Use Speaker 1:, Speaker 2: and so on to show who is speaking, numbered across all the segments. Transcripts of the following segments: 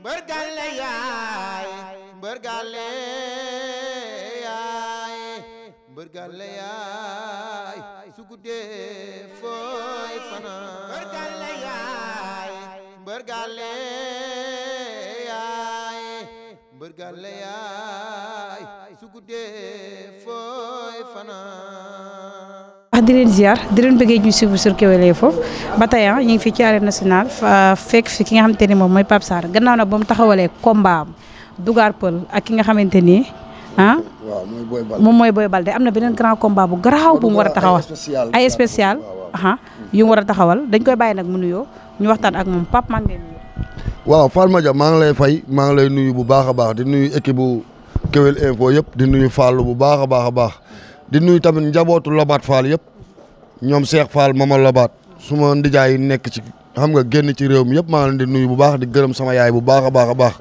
Speaker 1: mbër gàlle yaay mbër gàlle yaay mbër gàlle yaay su guddee fooy fanaan mbër gàlle yaay mbër gàlle yaay yaay wax ah, di leen ziar di leen bëggee ñu suivre sur Kewel Info ba tey ah, ñu ngi fii ci arène nationale fekk fi ki nga xamante ni moom mooy Pape Sarr gannaaw nag ba mu taxawalee combat ak ki nga xamante ni ah. moom mooy Boy Balde am na beneen grand combat bu garaaw bu mu a taxawal ay spécial ah yu mu war a taxawal dañ koy bàyyi nag mu nuyoo ñu waxtaan ak moom Pape maa ngi lay nuyu.
Speaker 2: waaw Fatma Dia maa ngi lay fay maa ngi lay nuyu bu baax a baax di nuyu équipe bu Kewel Info yépp di nuyu Fallou bu baax a baax a baax. di nuyu tamit njabootu Lobaat Fall yëpp ñoom Cheikh Fall mama Lobaat su ma ndijaay nekk ci xam nga génn ci réew mi yëpp maa ngi leen di nuyu bu baax di gërëm sama yaay bu baax a baax a baax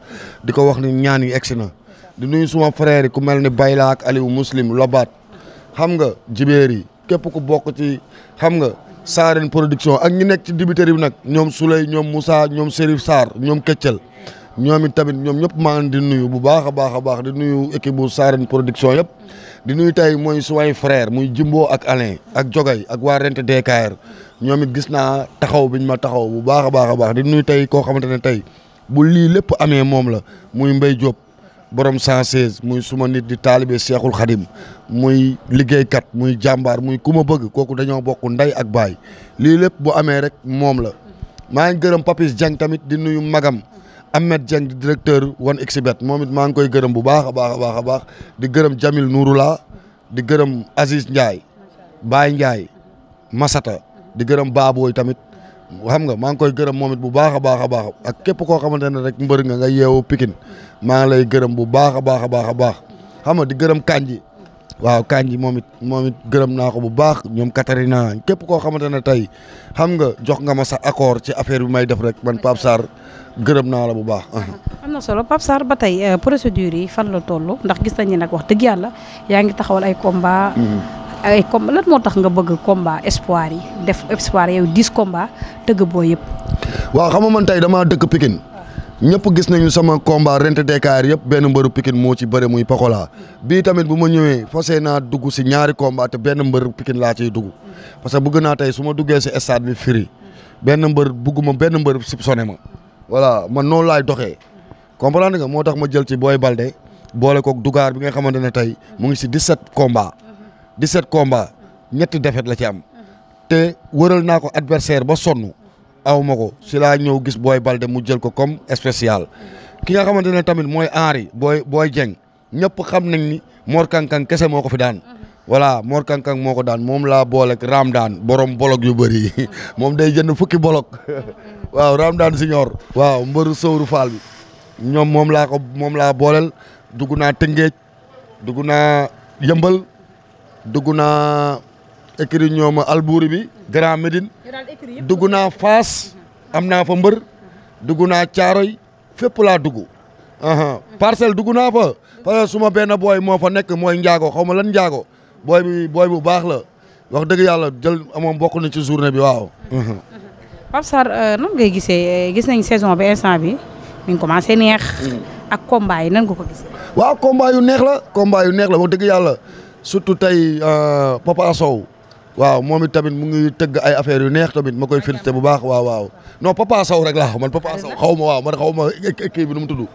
Speaker 2: di ko wax ni ñaan yi egsi na di nuyu suma frère ku mel ni Bayla ak Aliou Muslim Lobaat xam nga jibeer yi képp ku bokk ci xam nga Saareen production ak ñi nekk ci dibiteri bi nag ñoom Souley ñoom Moussa ñoom Serif saar ñoom Keccel ñoom it tamit ñoom ñëpp maa di nuyu bu baax a baax a baax di nuyu équipe bu Sarène production yëpp di nuyu tey mooy suway frère muy Jimbo ak Alain ak Jogay ak waa Rent DKR ñoom it gis naa taxaw biñ ma taxaw bu baax a baax a baax di nuyu tey koo xamante ne tey bu lii lépp amee moom la muy Mbaye Diop borom 116 muy suma nit di taalibe Seexul Xadim muy liggéeykat muy jàmbaar muy ku ma bëgg kooku dañoo bokk ndey ak baay lii lépp bu amee rek moom la maa ngi gërëm Papis tamit di nuyu magam Ahmed Dieng directeur 1xBet moom it maa ngi koy gërëm bu baax a baax a baax a baax di gërëm Jamil Nouroula di gërëm Aziz Ndiaye Baye Ndiaye Masata di gërëm Baboy tamit xam nga maa ngi koy gërëm moom bu baax a baax a baax ak képp koo xamante ne rek mbër nga nga yeewu pikin maa ngi lay gërëm bu baax a baax a baax a baax xam nga di gërëm Kanji waaw Kandji moom it moom it gërëm naa ko bu baax ñoom Katarina képp koo xamante ne tey xam nga jox nga ma sa accord ci affaire bi may def rek man Pape Sarr gërëm naa la bu baax.
Speaker 1: am na solo Pape Sarr ba tey euh, procédure yi fan la toll ndax gis nañu nag wax dëgg yàlla yaa ngi taxawal ay komba mhm. ay combat moo tax nga bëgg combat espoir yi def espoir yow 10 combat tëgg boo yëpp.
Speaker 2: waaw xam nga man tey dama dëkk Pikine ñëpp gis nañu sama combat rent Dakar yëpp benn mbëru Pikine moo ci bëre muy Pokola bii tamit bu ma ñëwee fasee naa dugg si ñaari combat te benn mbër Pikine laa ciy dugg parce que bugg naa tey su ma duggee si stade bi firi benn mbër bugguma benn mbër sib soné ma voilà man noonu laay doxee comprendre nga moo tax ma jël ci Boy Balde boole koog dugaar bi nga xamante ne tey mu ngi si 17 combat 17 combat ñetti défaite la ci am te wëral naa ko adversaire ba sonn awma ko si laa ñëw gis booy Balde mu jël ko comme spécial ki nga xamante ne tamit mooy Henri booy Boy Dieng ñëpp xam nañ ni moor Kankang kese moo ko fi daan voilà moor Kankang moo ko daan moom laa booleeg raam daan boroom bolog yu bari moom day jënd fukki bolok waaw Ram daan siñoor waaw mbëru sowru faal moom laa ko moom laa booleel dugg naa Tëngéej dugg naa Yëmbal dugg naa écrit ñoom Albouri bi Grand Médine dugg naa Faas am naa fa mbër dugg naa Caaroy fépp laa dugg parcelle dugg naa fa parce suma benn booy moo fa nekk mooy njaago xaw ma lan njaago booy bi booy bu baax la wax dëgg yàlla jël amoon bokk na ci journée bi waaw
Speaker 1: Pape Sarr euh, nan ngay euh, gis nañ saison bi instant bi mi commencé neex hmm. ak combat yi nan ko gisee
Speaker 2: waaw combat yu neex la combat yu neex la wax dëgg yàlla surtout tey euh, Papa Sow waaw moom it tamit mu ngi tëgg ay affaire yu neex tamit ma koy félicité bu baax waaw waaw non Papa Sow rek laa xam man Papa Sow xaw ma waaw man xaw ma kii bi nu mu tudd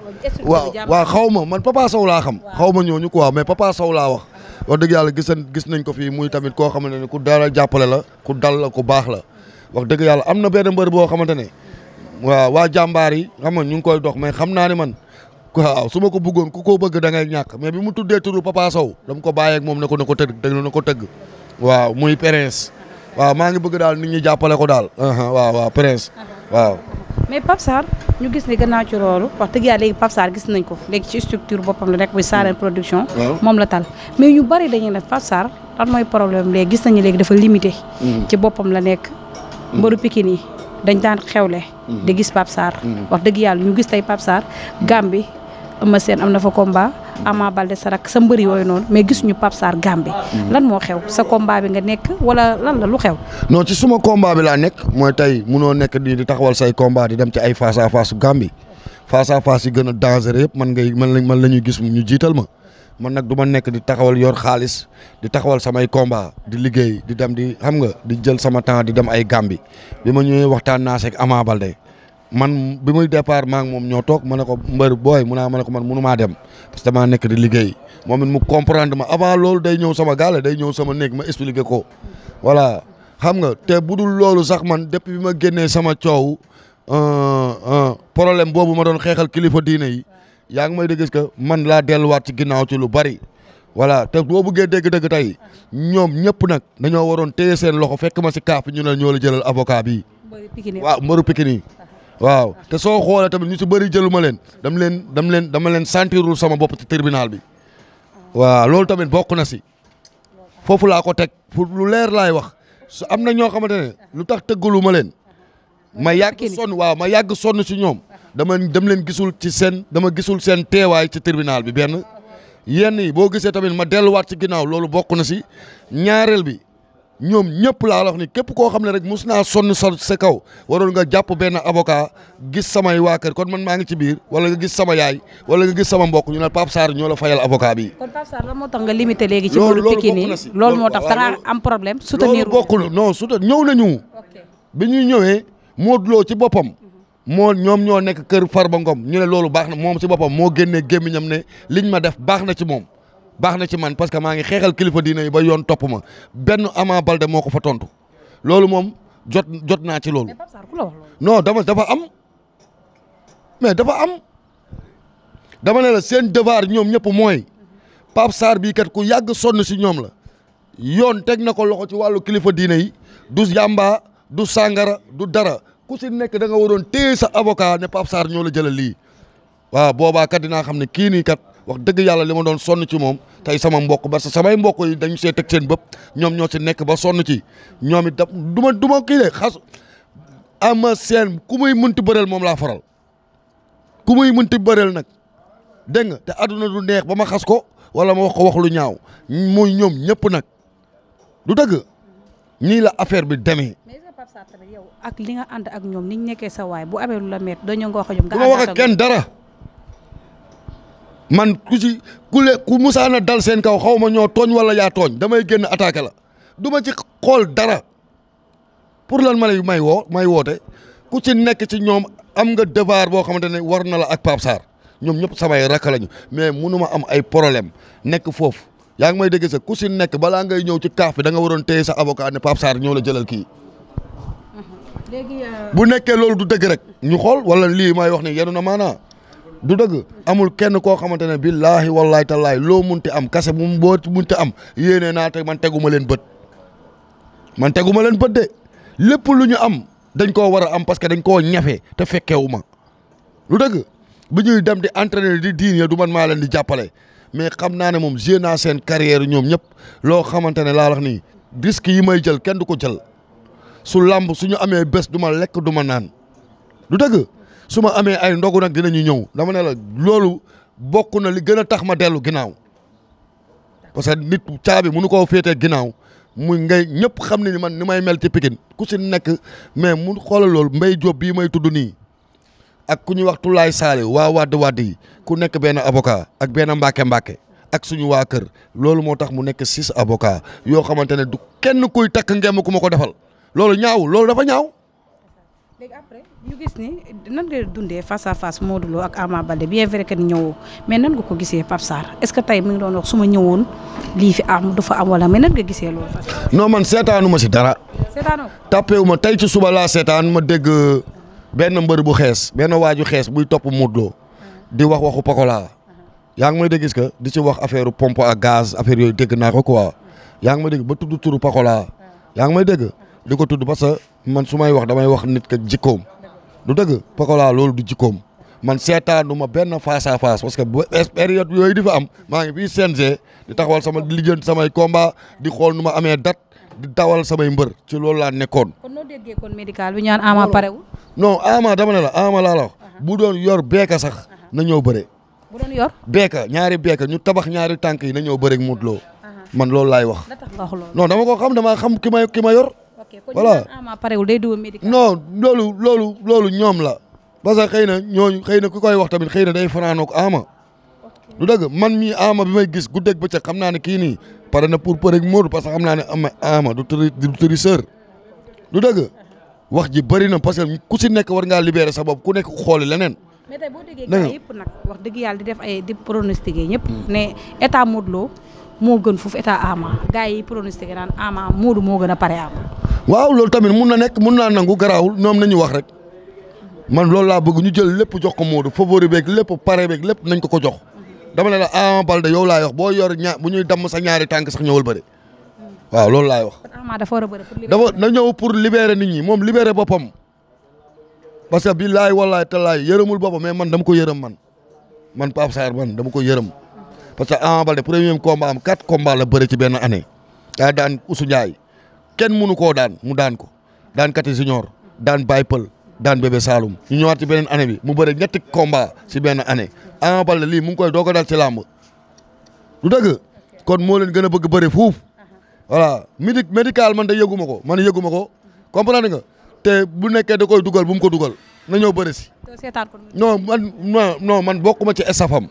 Speaker 2: waaw waaw xaw ma man Papa Sow laa xam xaw ma ñooñu quoi mais Papa Sow laa wax wax dëgg yàlla gisan gis nañ ko fii muy tamit koo xamante ne ku dara jàppale la ku dal la ku baax la wax dëgg yàlla am na benn mbër boo xamante ne waaw waa jàmbaar yi xam nga ñu ngi koy dox mais xam naa ne man waaw su ma ko bëggoon ku ko bëgg da ngay ñàkk mais bi mu tuddee turu Papa Sow dama ko bàyyeeg moom ne ko ne ko tëgg déglu na ko tëgg waaw muy Prince waaw maa ngi bëgg daal nit ñi jàppale ko daal waaw waaw waaw
Speaker 1: mais Pape Sarr ñu gis ne gannaaw ci loolu wax dëgg yàlla léegi Pape Sarr gis nañ ko léegi ci structure boppam la nekk muy Sarr mm. production moom la tal mais ñu bari dañuy ne Pape Sarr lan mooy problème léegi gis nañu léegi dafa limité mm. ci boppam la nekk mm. mbaru Pikine yi dañ daan xewle di gis Pape Sarr wax dëgg yàlla ñu gis tey Pape Sarr Gambie Eumeu Sène am na fa combat Ama Baldé sa rak sa mbër yooyu noonu mais gis ñu Pape Sarr Gambie mhm. lan moo xew sa combat bi nga nekk wala lan la lu xew
Speaker 2: noo ci suma combat bi laa nekk mooy tey munoo nekk di di taxawal say combat di dem ci ay face à face Gambie face à face gën a dangereux yëpp man ngay man man la ñuy gis ñu jiital ma man nag du ma nekk di taxawal yor xaalis di taxawal samay combat di liggéey di dem di xam nga di jël sama temps di dem ay Gambie bi ma ñëwee waxtaan naa seeg Ama Baldé man bi muy départ maa moom ñoo toog ma ne ko mbër booy mu naa ma ne ko man munu maa dem parce maa nekk di liggéey moom it mu comprendre ma avant loolu day ñëw sama gaale day ñëw sama néeg ma expliqué ko voilà xam nga te bu dul loolu sax man depuis bi ma génnee sama coow euh, euh, problème boobu ma doon xeexal kilifa diine yi yaa ngi may da est-ce que man laa delluwaat ci ginnaaw ci lu bari wala te boo buggee dégg dëgg tey ñoom ñëpp nag ñoo waroon téye seen loxo fekk ma si kaaf ñu ne ñoo la jëlal avocat bi waaw mbëru Pikine yi ah. waaw te soo xoolee tamit ñu si bëri jëluma leen dam leen dam leen dama leen sentirul sama bopp ci tribunal bi waaw loolu tamit bokk na si foofu laa ko teg pour lu leer laay wax su am na ñoo xamante ne lu tax tëggaluma leen ma yàgg sonn waaw ma yàgg sonn si ñoom dama dem leen gisul ci seen dama gisul seen teewaay ci tribunal bi benn yenn yi boo gisee tamit ma delluwaat ci ginnaaw loolu bokk na si ñaareel bi ñoom ñëpp laa wax ni képp koo xam ne rek mus naa sonn sa sa kaw waroon nga jàpp benn avocat gis samay waa kër kon man maa ngi ci biir wala nga gis sama yaay wala nga gis sama mbokk ñu ne Pape Sarr ñoo la fayal avocat bi. kon
Speaker 1: Pape Sarr moo tax nga limité léegi. ci loolu bokk na si loolu moo tax danga am problème. soutenir loolu
Speaker 2: bokkul non soutenir ñëw nañu. bi ñuy ñëwee Modou Lo ci boppam. moo ñoom ñoo nekk kër Farba Ngom ñu ne loolu baax na moom ci boppam moo génnee gémmiñam ne liñ ma def baax na ci moom baax na ci man parce que maa ngi xeexal kilifa diina yi ba yoon topp ma benn Ama Baldé moo ko fa tontu loolu moom jot jot naa ci loolu. non dama dafa am mais dafa am dama ne seen devoir ñoom ñëpp mooy Pape Sarr bii kat ku yàgg sonn si ñoom la yoon teg na ko loxo ci wàllu kilifa diina yi du yàmbaa du sàngara du dara ku si nekk da nga waroon téye sa avocat ne Pape Sarr ñoo la jëlal lii waaw boobaa kat dinaa xam ne kii kat. wax dëgg yàlla li ma doon sonn ci moom tey sama mbokk parce que samay mbokk yi dañ see teg seen bëpp ñoom ñoo si nekk ba sonn ci ñoom it du ma du ma kii de xas ama seen ku muy mënti bëreel moom laa faral ku muy mënti bëreel nag dégg nga te àdduna du neex ba ma xas ko wala ma wax ko wax lu ñaaw muy ñoom ñëpp nag du dëgg nii la affaire bi demee.
Speaker 1: ak li nga ñoom ni ñu sa waay bu amee lu la métti doo ñëw nga wax ak ñoom.
Speaker 2: nga dara. man ku ci ku le ku musaana dal seen kaw xaw ma ñoo tooñ wala yaa tooñ damay génn attaqué la du ma ci xool dara pour lan ma lay may woo may woote ku ci nekk ci ñoom am nga devoir boo xamante ne war na la ak Pape ñoom ñëpp samay rakk lañu mais mënuma am ay problème nekk foofu yaa ngi may dégg sa ku si nekk balaa ngay ñëw ci kaaf bi da nga waroon téye sa avocat ne Pape Sarr ñoo la jëlal kii. Euh, bu nekkee loolu du dëgg rek ñu xool wala lii may wax ni yenu maanaa du dëgg amul kenn koo xamante ne billaahi wallaahi tallaahi loo munti am kase bu mu boo munti am yéenee naa te man teguma leen bët man teguma leen bët de lépp lu ñu am dañ koo war a am parce que dañ koo ñafe te fekkewu ma lu dëgg bu ñuy dem di entraîner di diine du man maa leen di jàppale mais xam naa ne moom gé naa seen carrière ñoom ñëpp loo xamante ne laa wax nii risque yi may jël kenn du ko jël su làmb su ñu amee bés du ma lekk du ma naan du dëgg su ma amee ay ndogu nag dinañu ñëw dama ne la loolu bokk na li gën a tax ma dellu ginnaaw parce que nit caabi mënu koo féetee ginnaaw muy ngay ñëpp xam ne ni man ni may mel ci Pikine ku si nekk mais mu xoolal loolu Mbaye Diop bii may tudd nii ak ku ñuy wax Tulaay Saale waa wadd wadd yi ku nekk benn avocat ak benn mbàkke mbàkke ak suñu waa kër loolu moo tax mu nekk six avocats yoo xamante ne du kenn kuy takk ngeem ku ma ko defal loolu ñaaw loolu dafa ñaaw.
Speaker 1: ñu gis ni nan dundee face à face ak Ama Baldé bien vrai que ni ñëwoo mais nan ko gisee Pape Sarr est ce que tey mi ngi doon wax ma ñëwoon lii fi am du fa am wala nan nga gisee loolu.
Speaker 2: non man seetaanu ma si dara. seetaanoo tàppewu ma tey ci suba laa seetaan ma dëgg euh, benn mbër bu xees benn waaju xees buy topp Modou di wax waxu Pokola yaa ngi may dégg gis que di si wax affaire pomp ak gaz affaire yooyu dégg naa ko quoi yaa ngi may dégg ba tudd turu Pokola yaa ngi may dégg di ko tudd parce que man su may wax damay wax nit ka jikkoom. du dëgg Pokola loolu du jikkoom man seetaanu ma benn face à face parce que bu période yooyu di fa am maa ngi fii CNG di taxawal sama di lijjanti samay combat di xool nu ma amee date di dawal samay mbër ci loolu laa nekkoon. kon
Speaker 1: noo déggee kon médical bi ñu naan Ama parewul.
Speaker 2: non Ama dama ne la Ama laa la wax. bu doon yor beeka sax na ñëw bëre. bu doon beeka ñaari beeka ñu tabax ñaari tànk yi na ñëw bëre ak loo Lo man loolu laay wax. non dama ko xam dama xam ki yor. voilà non loolu loolu loolu ñoom la parce que xëy na ñooñu xëy na ko koy wax tamit xëy na day fanaanook ama lu dëgg man mi ama bi may gis gu guddeeg bëccëg xam naa ne kii nii pare na pour përeg Modou parce que xam naa ne ama ama du tëri du lu dëgg wax ji bëri na parce que ku si nekk war ngaa libérer sa bopp ku nekk xool leneen
Speaker 1: mais tey nag wax dëgg yàlla di def ay di pronostiqué ñëpp ne état Modou Lo moo gën foofu état ama gars yi pronostiqué naan ama Modou moo gën a pare ama
Speaker 2: waaw loolu tamit mun na nekk mun naa nangu garaawul ñoom nañu wax rek man loolu laa bëgg ñu jël lépp jox ko Modou favori beeg lépp pare beeg lépp nañ ko ko jox dama ne la Ama Baldé yow laay wax boo yor ñaar bu ñuy damm sa ñaari tànk sax ñëwal bëri waaw loolu laay wax. dafa war na ñëw pour libérer nit ñi moom libérer boppam parce que billaay wallaay tallaay yërëmul boppam mais man dama ko yërëm man man Pape Sarr man dama ko yërëm parce que Ama Baldé premier combat am quatre combat la ci benn année daa daan Oussou Ndiaye kenn mënu koo daan mu daan ko daan kati junior daan Baye Peul daan bébé Saloum ñu ñëwaat ci beneen année bi mu bëre ñetti combat si benn année Ama Baldé lii mu ngi koy doo ko dal ci làmb du dëgg kon moo leen gën a bëgg bëri fuuf voilà médi médical man da yëguma ko man yëguma ko comprendre nga te bu nekkee da koy dugal bu mu ko dugal na ñëw bëri man non non man bokkuma ci estafam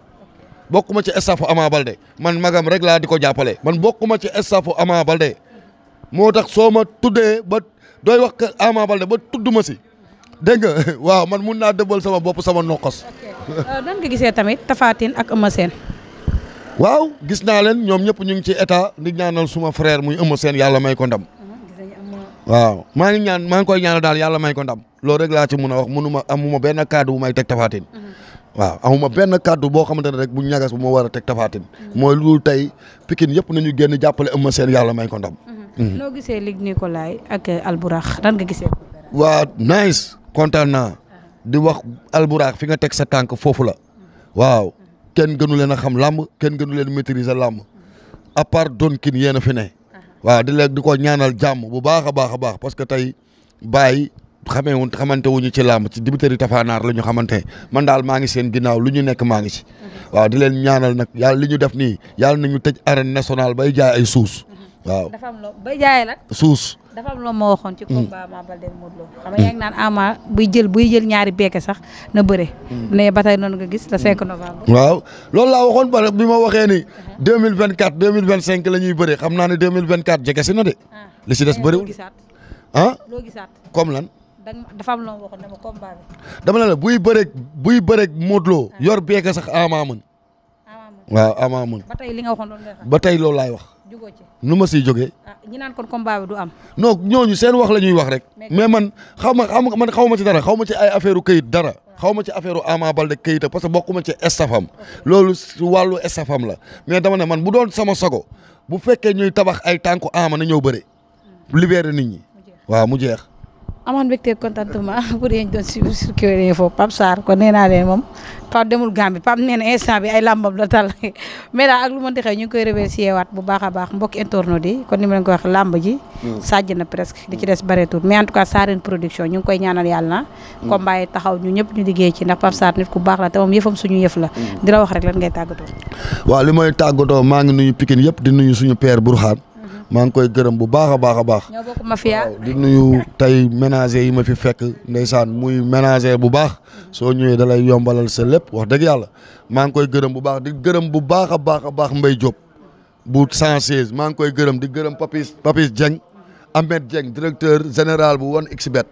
Speaker 2: bokkuma ci estafu Ama Baldé man magam rek laa di ko jàppale man bokkuma ci estafu Ama Baldé moo tax soo ma tuddee ba dooy wax Ama Baldé ba tudd ma si dégg nga waaw man mun naa dëbbal sama bopp sama nokkos. Euh,
Speaker 1: nan nga gisee tamit tafaatin ak Eumeu Sène.
Speaker 2: waaw gis naa leen ñoom ñëpp ñu ngi ci état ni ñaanal suma frère muy Eumeu Sène yàlla may ko ndam. waaw maa ngi ñaan maa ngi koy ñaanal yàlla may ko loolu rek laa ci mun a wax mënu amuma benn kàddu bu may teg Tapha Tine. waaw amuma benn kàddu boo xamante ne rek bu ñagas bu ma war a teg Tapha Tine. mooy loolu tey Pikine yëpp nañu génn jàppale Eumeu Sène yàlla may ko ndam. noo
Speaker 1: mhm. gisee Luc Nicolaï ak Alburax nan nga gisee.
Speaker 2: waa nice kontaan naa di wax Alburax fi nga teg sa tànk foofu la waaw kenn gënu leen a xam làmb kenn gënu leen maîtriser làmb a part doon kiin yéen fi ne. Uh-huh. waaw di leen di ko ñaanal jàmm bu baax a baax a baax parce que tey bàyyi xamee wu xamante wuñu ci làmb ci dibiteri tafanaar la ñu xamante man daal maa ngi seen lu ñu nekk maa ngi ci. Uh-huh. waaw di leen ñaanal nag yàlla li ñu def nii yàlla nañu tëj national ba bay jaay ay suus. waaw dafa
Speaker 1: am loo bay jaayee nag. suus dafa am loo ma waxoon ci mm. combat Ama Baldé Modou Lô. naan Ama buy jël buy jël ñaari beeke sax na bëre. Mm. ne ba tey noonu nga gis le 5 mm. novembre.
Speaker 2: waaw loolu laa waxoon ba ma waxee ni. 2024 2025 la ñuy bëre xam naa ne 2024 jege si na de. Ah. li si des bëriwul ah loo gisaat comme lan.
Speaker 1: dafa am loo waxoon
Speaker 2: dama dama la buy bëreeg buy bëreeg Modou ah. yor beeke sax Ama mën. waaw Ama mën.
Speaker 1: ba tey li nga waxoon
Speaker 2: loolu lay wax. jugoo ci nu ma siy jógee.
Speaker 1: Ah, ñi naan kon
Speaker 2: ñooñu seen wax la ñuy wax rek. mais man xaw ma xaw ma man xaw ma ci dara xaw ma ci ay affaire kayit dara. xaw ma ci affaire Ama Baldé këyita parce que bokkuma ci estafam loolu wàllu estafam la mais dama ne man bu doon sama sago bu fekkee ñuy tabax ay tànku ama na ñëw bëre libéré nit ñi mu jeex.
Speaker 1: amoon mbégte contentement pour yéen doon suivre sur Kewel Info Pape Sarr kon nee naa leen moom Pape demul Gambie Pape nee na instant bi ay làmbam la tal mais daal ak lu mën di xew ñu ngi koy remercier waat bu baax a baax mbokk internautes yi kon ni ma leen ko wax làmb ji mm. na presque di ci des bareetul mais en tout cas production ñu ngi koy ñaanal yàlla na mm. combat yi taxaw ñu ñëpp ñu liggéey ci ndax Pape Sarr nit ku baax la te moom yëfam suñu yëf la mm. di wax rek lan ngay tàggatoo
Speaker 2: waaw maa ngi nuyu Pikine yëpp di nuyu suñu père Bourkhane maa ngi koy gërëm bu baax a baax a baax. ñoo bokk di nuyu tey ménager yi ma fi fekk ndeysaan muy ménager bu baax soo ñëwee da lay yombalal sa lépp wax dëgg yàlla maa ngi koy gërëm bu baax di gërëm bu baax a baax a baax mbay Diop bu 116 maa ngi koy gërëm di gërëm Papis Papis Dieng Ahmed Dieng directeur général bu wan XBET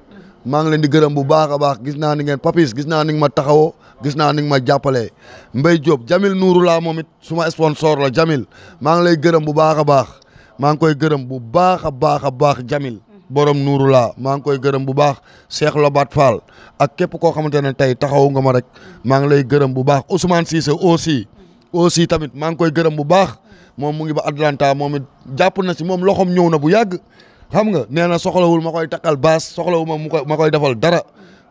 Speaker 2: maa ngi leen di gërëm bu baax a baax gis naa ni ngeen Papis gis naa ni nga ma taxawoo gis naa ni nga ma jàppalee Mbaye Diop Jamil Nuuru laa moom it suma sponsor la Jamil maa ngi lay gërëm bu baax a baax maa ngi koy gërëm bu baax a baax a baax Jamil borom nuuru laa maa ngi koy gërëm bu baax Cheikh Lobat Fall ak képp koo xamante ne tey taxawu nga ma rek maa ngi lay gërëm bu baax Ousmane Cissé aussi aussi tamit maa ngi koy gërëm bu baax moom mu ngi ba Atlanta moom it jàpp na si moom loxoom ñëw na bu yàgg xam nga nee na soxlawul ma koy takkal baas soxlawul ma mu koy ma koy defal dara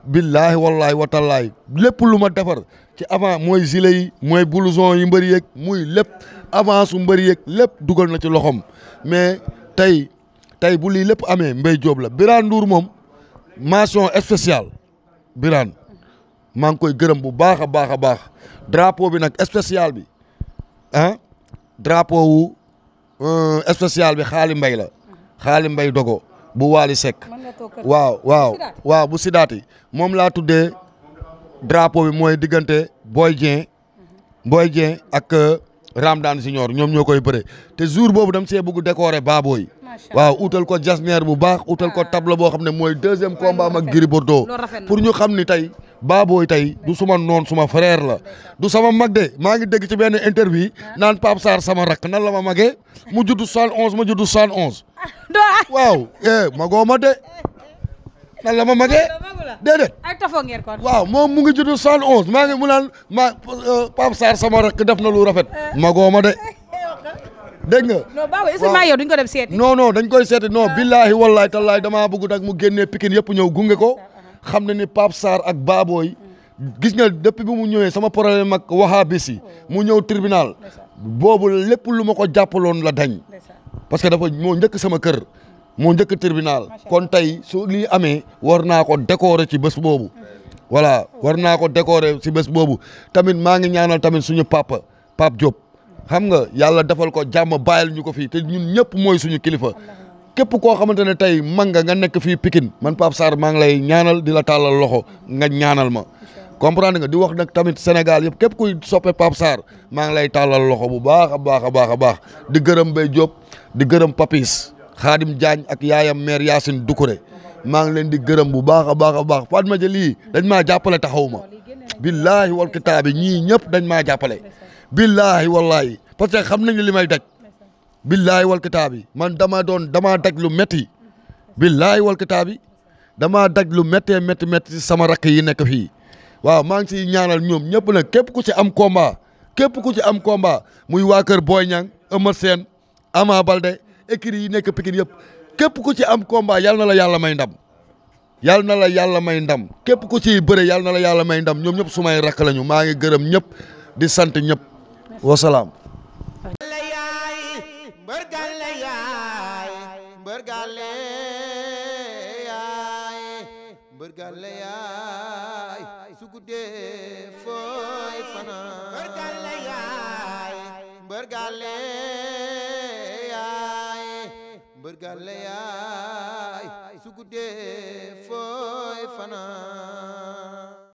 Speaker 2: billaahi wallaahi watallaahi lépp lu ma defar ci avant mooy gilet yi mooy blouson yi mbëri yeeg muy lépp avance su mbëri yeeg lépp dugal na ci loxoom mais tey tey bu lii lépp amee Mbaye Diop la Birane Ndour moom mention spéciale Birane maa ngi koy gërëm bu baax a baax a baax drapeau bi nag spécial bi ah drapeau wu euh, spécial bi xaali mbay la xaali mbay dogo bu waali sek waaw waaw waaw bu sidaati moom laa tuddee drapo bi mooy diggante Boy Dieng Boy Dieng ak euh, Ramdan Signor ñoom ñoo koy bëre te jour boobu dam see bëgg décorer baabooy waaw utal ko jasneer bu baax utal ko ah. table boo xam ne mooy deuxième combat am ak Gris Bordeaux pour ñu xam ni tey baabooy tey du suma noon suma frère la du sama mag de maa ngi dégg ci benn interview ah. naan Pape Sarr sama rakk nan la ma magee mu judd soixante onze ma judd soixante onze ah, waaw eh magoo ma de nan la ma magee waaw moom mu ngi judd 111 maa ngi mu naan ma euh, Pape Sarr sama rakk def na lu rafet euh. magoo ma nga non baaw est-ce que maa dañ koy seeti non ah. billaahi wallaahi tallaahi damaa bëgg nag mu génnee Pikine yëpp ñëw gunge ko uh-huh. xam ne ni Pape Sarr ak Baboy gis nga depuis bi mu ñëwee sama problème ak wahabis yi oh. mu ñëw tribunal boobu lépp lu ma ko jàppaloon la dañ parce que dafa moo njëkk sama kër moo njëkk tribunal kon tey soo lii amee war naa ko décorer ci bés boobu voilà war naa ko décorer ci bés boobu tamit maa ngi ñaanal tamit suñu papa pap Diop xam nga yàlla defal ko jàmm bàyyil ñu ko fii te ñun ñëpp mooy suñu kilifa képp koo xamante ne tey man nga nga nekk fii Pikine man Pape saar maa ngi lay ñaanal di la tàllal loxo nga ñaanal ma comprendre nga di wax nag tamit Sénégal yëpp képp kuy soppe Pape saar maa ngi lay tàllal loxo bu baax a baax a baax a baax di gërëm Mbaye Diop di gërëm Papis Khadim jaañ ak yaayam maire Yacine Doucouré maa ngi leen di gërëm bu baax a baax a baax Fatma ja dañ maa jàppale taxaw ma billaahi wal kitaabi ñii ñëpp dañ maa jàppale billaahi wallaahi parce xam nañu li may daj billaahi wal kitaabi man dama doon dama daj lu métti billaahi wal dama damaa daj lu méttee métti métti sama rakk yi nekk fii waaw maa ngi siy ñaanal ñoom ñëpp na képp ku ci am combat képp ku ci am combat muy waa kër Boy Niang Eumeu Sène Ama Baldé écuries yi nekk Pikine yëpp képp ku ci am combat yal na la yàlla may ndam yal na la yàlla may ndam képp ku ci bëre yal na la yàlla may ndam ñoom ñëpp sumay rakk lañu maa ngi gërëm ñëpp di sant ñëpp wasalaam.
Speaker 1: gàlle yaa